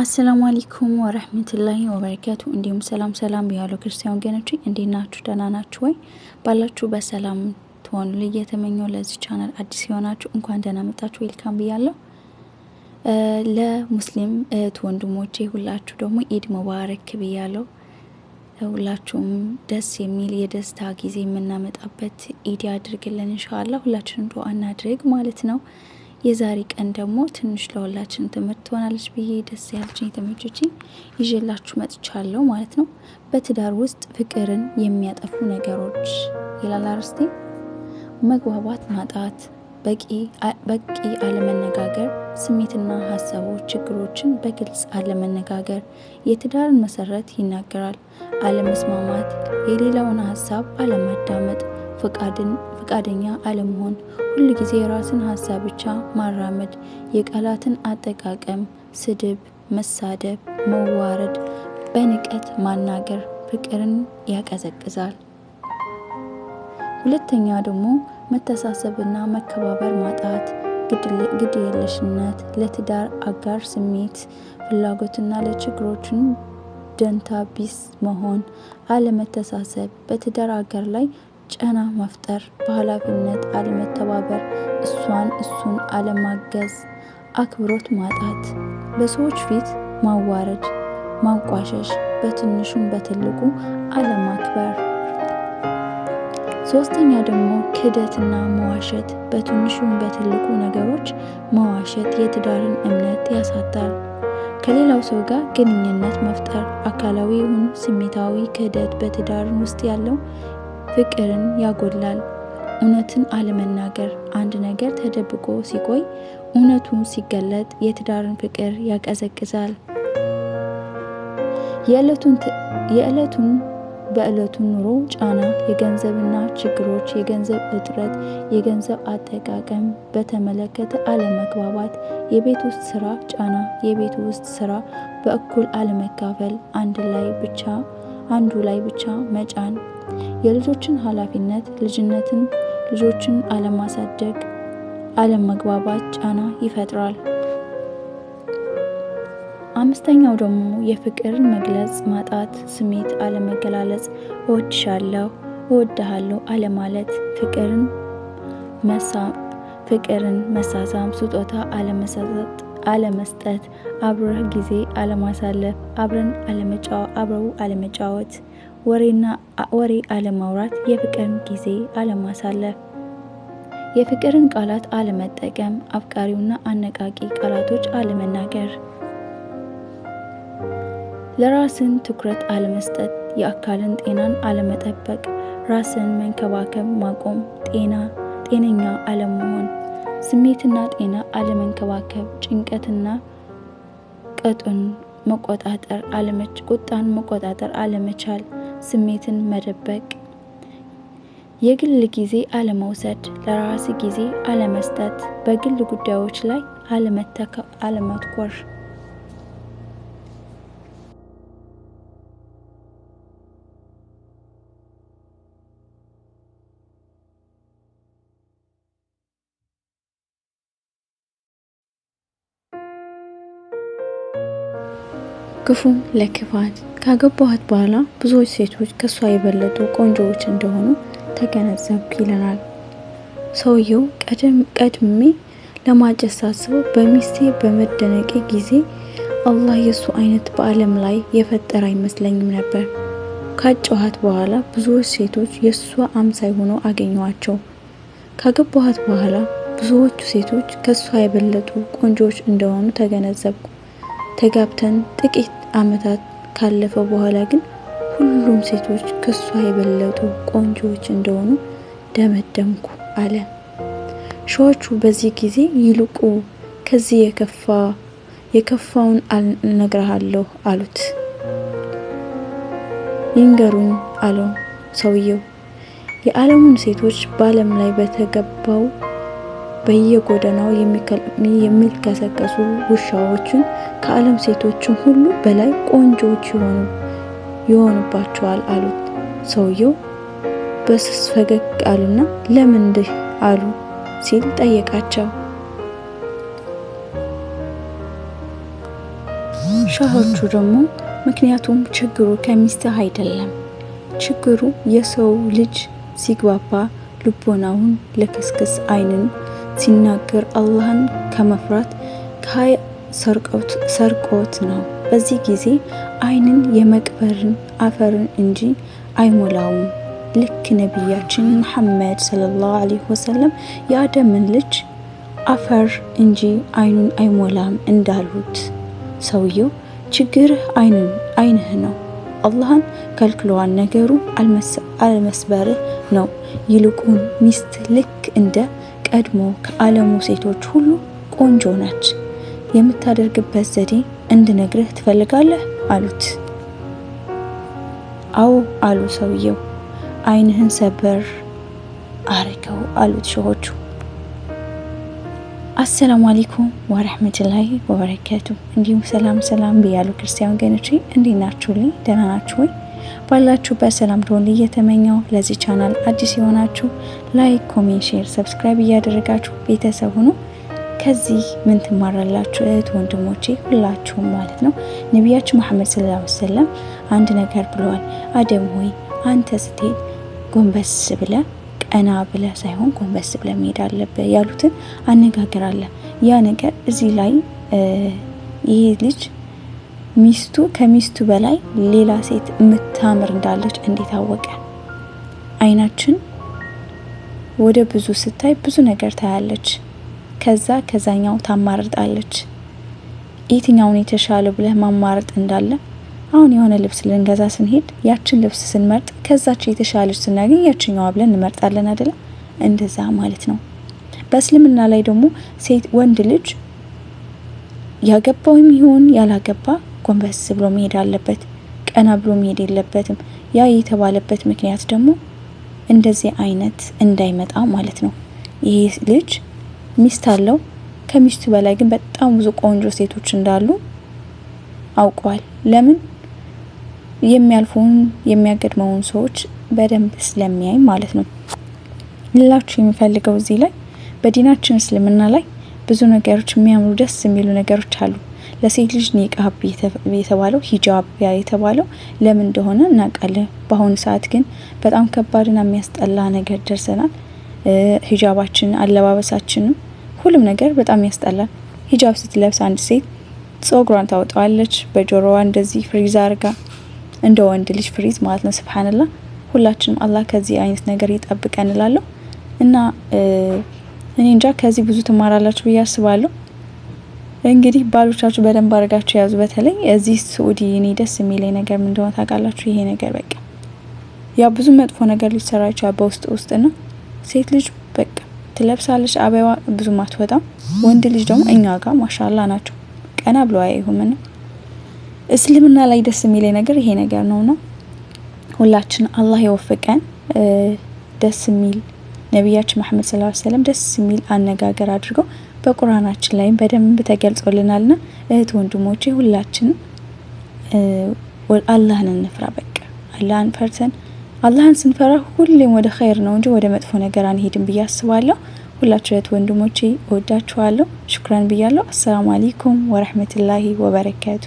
አሰላሙ አለይኩም ወረህመቱላሂ ወበረካቱ። እንዲሁም ሰላም ሰላም ያሉ ክርስቲያን ወገኖች እንዴት ናችሁ? ደህና ናችሁ ወይ? ባላችሁ በሰላም ትሆኑ ልይ የተመኘው። ለዚህ ቻናል አዲስ የሆናችሁ እንኳን ደህና መጣችሁ፣ ዌልካም ብያለሁ። ለሙስሊም እህት ወንድሞቼ ሁላችሁ ደግሞ ኢድ ሙባረክ ብያለሁ። ሁላችሁም ደስ የሚል የደስታ ጊዜ የምናመጣበት ኢድ ያድርግልን ኢንሻአላህ። ሁላችንም ዱአ እናድርግ ማለት ነው። የዛሬ ቀን ደግሞ ትንሽ ለሁላችን ትምህርት ትሆናለች ብዬ ደስ ያለችን የተመቾችኝ ይዤላችሁ መጥቻለሁ ማለት ነው። በትዳር ውስጥ ፍቅርን የሚያጠፉ ነገሮች ይላል አርስቴ። መግባባት ማጣት፣ በቂ አለመነጋገር፣ ስሜትና ሀሳቦች ችግሮችን በግልጽ አለመነጋገር የትዳርን መሰረት ይናገራል። አለመስማማት፣ የሌላውን ሀሳብ አለማዳመጥ ፈቃደኛ አለመሆን፣ ጊዜ የራስን ሀሳብ ብቻ ማራመድ፣ የቃላትን አጠቃቀም፣ ስድብ፣ መሳደብ፣ መዋረድ፣ በንቀት ማናገር ፍቅርን ያቀዘቅዛል። ሁለተኛ ደግሞ መተሳሰብና መከባበር ማጣት፣ ግድየለሽነት፣ ለትዳር አጋር ስሜት ፍላጎትና ለችግሮችን ደንታ ቢስ መሆን፣ አለመተሳሰብ፣ በትዳር አጋር ላይ ጫና መፍጠር፣ በኃላፊነት አለመተባበር፣ እሷን እሱን አለማገዝ፣ አክብሮት ማጣት፣ በሰዎች ፊት ማዋረድ፣ ማንቋሸሽ፣ በትንሹም በትልቁ አለማክበር። ሶስተኛ ደግሞ ክህደትና መዋሸት፣ በትንሹም በትልቁ ነገሮች መዋሸት የትዳርን እምነት ያሳጣል። ከሌላው ሰው ጋር ግንኙነት መፍጠር፣ አካላዊ ይሁን ስሜታዊ ክህደት በትዳር ውስጥ ያለው ፍቅርን ያጎላል። እውነትን አለመናገር አንድ ነገር ተደብቆ ሲቆይ እውነቱን ሲገለጥ የትዳርን ፍቅር ያቀዘቅዛል። የዕለቱን በዕለቱ ኑሮ ጫና፣ የገንዘብና ችግሮች፣ የገንዘብ እጥረት፣ የገንዘብ አጠቃቀም በተመለከተ አለመግባባት፣ የቤት ውስጥ ስራ ጫና፣ የቤት ውስጥ ስራ በእኩል አለመካፈል፣ አንድ ላይ ብቻ አንዱ ላይ ብቻ መጫን የልጆችን ኃላፊነት፣ ልጅነትን፣ ልጆችን አለማሳደግ፣ አለመግባባት ጫና ይፈጥራል። አምስተኛው ደግሞ የፍቅርን መግለጽ ማጣት፣ ስሜት አለመገላለጽ፣ እወድሻለሁ፣ እወድሃለሁ አለማለት፣ ፍቅርን መሳ ፍቅርን መሳሳም፣ ስጦታ አለመሰጠት አለመስጠት፣ አብረህ ጊዜ አለማሳለፍ፣ አብረን አለመጫወት አብረው አለመጫወት ወሬና ወሬ አለማውራት፣ የፍቅርን ጊዜ አለማሳለፍ፣ የፍቅርን ቃላት አለመጠቀም፣ አፍቃሪውና አነቃቂ ቃላቶች አለመናገር፣ ለራስን ትኩረት አለመስጠት፣ የአካልን ጤናን አለመጠበቅ፣ ራስን መንከባከብ ማቆም፣ ጤና ጤነኛ አለመሆን፣ ስሜትና ጤና አለመንከባከብ፣ ጭንቀትና ቀጡን መቆጣጠር አለመች ቁጣን መቆጣጠር አለመቻል ስሜትን መደበቅ፣ የግል ጊዜ አለመውሰድ፣ ለራስ ጊዜ አለመስጠት፣ በግል ጉዳዮች ላይ አለመትኮር። ክፉን ለክፋት ካገባኋት በኋላ ብዙዎች ሴቶች ከእሷ የበለጡ ቆንጆዎች እንደሆኑ ተገነዘብኩ ይለናል ሰውየው። ቀድሜ ለማጨት ሳስበው በሚስቴ በመደነቄ ጊዜ አላህ የእሱ አይነት በዓለም ላይ የፈጠረ አይመስለኝም ነበር። ካጨኋት በኋላ ብዙዎች ሴቶች የእሷ አምሳይ ሆኖ አገኘዋቸው። ካገባኋት በኋላ ብዙዎቹ ሴቶች ከእሷ የበለጡ ቆንጆዎች እንደሆኑ ተገነዘብኩ። ተጋብተን ጥቂት ዓመታት ካለፈ በኋላ ግን ሁሉም ሴቶች ከሷ የበለጡ ቆንጆዎች እንደሆኑ ደመደምኩ አለ። ሺዎቹ በዚህ ጊዜ ይልቁ ከዚህ የከፋ የከፋውን እነግርሃለሁ አሉት። ይንገሩኝ አለው ሰውየው። የዓለሙን ሴቶች በዓለም ላይ በተገባው በየጎዳናው የሚልከሰከሱ ውሻዎችን ከዓለም ሴቶችን ሁሉ በላይ ቆንጆዎች ይሆኑባቸዋል አሉት። ሰውየው በስስ ፈገግ አሉና ለምን እንዲህ አሉ ሲል ጠየቃቸው። ሻሆቹ ደግሞ ምክንያቱም ችግሩ ከሚስትህ አይደለም፣ ችግሩ የሰው ልጅ ሲግባባ ልቦናውን ለክስክስ አይንን ሲናገር አላህን ከመፍራት ከሀይ ሰርቆት ነው። በዚህ ጊዜ አይንን የመቅበርን አፈርን እንጂ አይሞላውም። ልክ ነቢያችን መሐመድ ሰለላሁ ዐለይሂ ወሰለም የአደምን ልጅ አፈር እንጂ አይኑን አይሞላም እንዳሉት ሰውየው ችግርህ አይንህ ነው፣ አላህን ከልክለዋን ነገሩ አለመስበርህ ነው። ይልቁን ሚስት ልክ እንደ ቀድሞ ከዓለሙ ሴቶች ሁሉ ቆንጆ ናች። የምታደርግበት ዘዴ እንድነግርህ ትፈልጋለህ አሉት። አዎ አሉ ሰውየው። አይንህን ሰበር አርገው አሉት ሾሆቹ። አሰላሙ አለይኩም ወረህመቱላሂ ወበረከቱ። እንዲሁም ሰላም ሰላም ብያሉ ክርስቲያን ገኖቼ እንዴት ናችሁልኝ? ደህና ናችሁ ወይ? ባላችሁበት ሰላም ትሆን እየተመኘው ለዚህ ቻናል አዲስ የሆናችሁ ላይክ፣ ኮሜንት፣ ሼር፣ ሰብስክራይብ እያደረጋችሁ ቤተሰብ ሁኑ። ከዚህ ምን ትማራላችሁ እህት ወንድሞቼ ሁላችሁም ማለት ነው። ነቢያችን መሐመድ ሰለላሁ ዐለይሂ ወሰለም አንድ ነገር ብለዋል። አደም ሆይ አንተ ስትሄድ ጎንበስ ብለ ቀና ብለ ሳይሆን ጎንበስ ብለ መሄድ አለብህ ያሉትን አነጋገር አለ። ያ ነገር እዚህ ላይ ይሄ ልጅ ሚስቱ ከሚስቱ በላይ ሌላ ሴት የምታምር እንዳለች እንዴት አወቀ? አይናችን ወደ ብዙ ስታይ ብዙ ነገር ታያለች። ከዛ ከዛኛው ታማርጣለች። የትኛውን የተሻለ ብለህ ማማረጥ እንዳለ አሁን የሆነ ልብስ ልንገዛ ስንሄድ ያችን ልብስ ስንመርጥ ከዛች የተሻለች ስናገኝ ያችኛዋ ብለን እንመርጣለን አይደለም? እንደዛ ማለት ነው። በእስልምና ላይ ደግሞ ሴት ወንድ ልጅ ያገባውም ይሁን ያላገባ ጎንበስ ብሎ መሄድ አለበት፣ ቀና ብሎ መሄድ የለበትም። ያ የተባለበት ምክንያት ደግሞ እንደዚህ አይነት እንዳይመጣ ማለት ነው። ይህ ልጅ ሚስት አለው። ከሚስቱ በላይ ግን በጣም ብዙ ቆንጆ ሴቶች እንዳሉ አውቀዋል። ለምን የሚያልፉን የሚያገድመውን ሰዎች በደንብ ስለሚያይ ማለት ነው። ሌላችሁ የሚፈልገው እዚህ ላይ በዲናችን እስልምና ላይ ብዙ ነገሮች የሚያምሩ ደስ የሚሉ ነገሮች አሉ። ለሴት ልጅ ኒቃብ የተባለው ሂጃብ ያ የተባለው ለምን እንደሆነ እናውቃለን። በአሁኑ ሰዓት ግን በጣም ከባድና የሚያስጠላ ነገር ደርሰናል። ሂጃባችን፣ አለባበሳችንም ሁሉም ነገር በጣም ያስጠላል። ሂጃብ ስትለብስ አንድ ሴት ጸጉሯን ታወጣዋለች፣ በጆሮዋ እንደዚህ ፍሪዝ አርጋ እንደ ወንድ ልጅ ፍሪዝ ማለት ነው። ስብሓንላ ሁላችንም አላህ ከዚህ አይነት ነገር ይጠብቀን እላለሁ እና እኔ እንጃ ከዚህ ብዙ ትማራላችሁ ብዬ አስባለሁ። እንግዲህ ባሎቻችሁ በደንብ አድርጋችሁ የያዙ በተለይ እዚህ ስዑዲ እኔ ደስ የሚለኝ ነገር ምንደሆነ ታውቃላችሁ? ይሄ ነገር በቃ ያ ብዙ መጥፎ ነገር ሊሰራ ይችላል በውስጥ ውስጥ ነው። ሴት ልጅ በቃ ትለብሳለች አበባ ብዙም አትወጣም። ወንድ ልጅ ደግሞ እኛ ጋር ማሻላ ናቸው ቀና ብሎ አይሁምና እስልምና ላይ ደስ የሚለኝ ነገር ይሄ ነገር ነው ሁላችን አላህ የወፍቀን ደስ የሚል ነቢያችን መሐመድ ስላ ሰለም ደስ የሚል አነጋገር አድርገው በቁርአናችን ላይም በደንብ ተገልጾልናልና እህት ወንድሞቼ ሁላችን አላህን እንፍራ። በቃ አላህን ፈርተን አላህን ስንፈራ ሁሌም ወደ ኸይር ነው እንጂ ወደ መጥፎ ነገር አንሄድም ብዬ አስባለሁ። ሁላችሁ እህት ወንድሞቼ እወዳችኋለሁ። ሽኩራን ብያለሁ። አሰላሙ አለይኩም ወረህመቱላሂ ወበረካቱ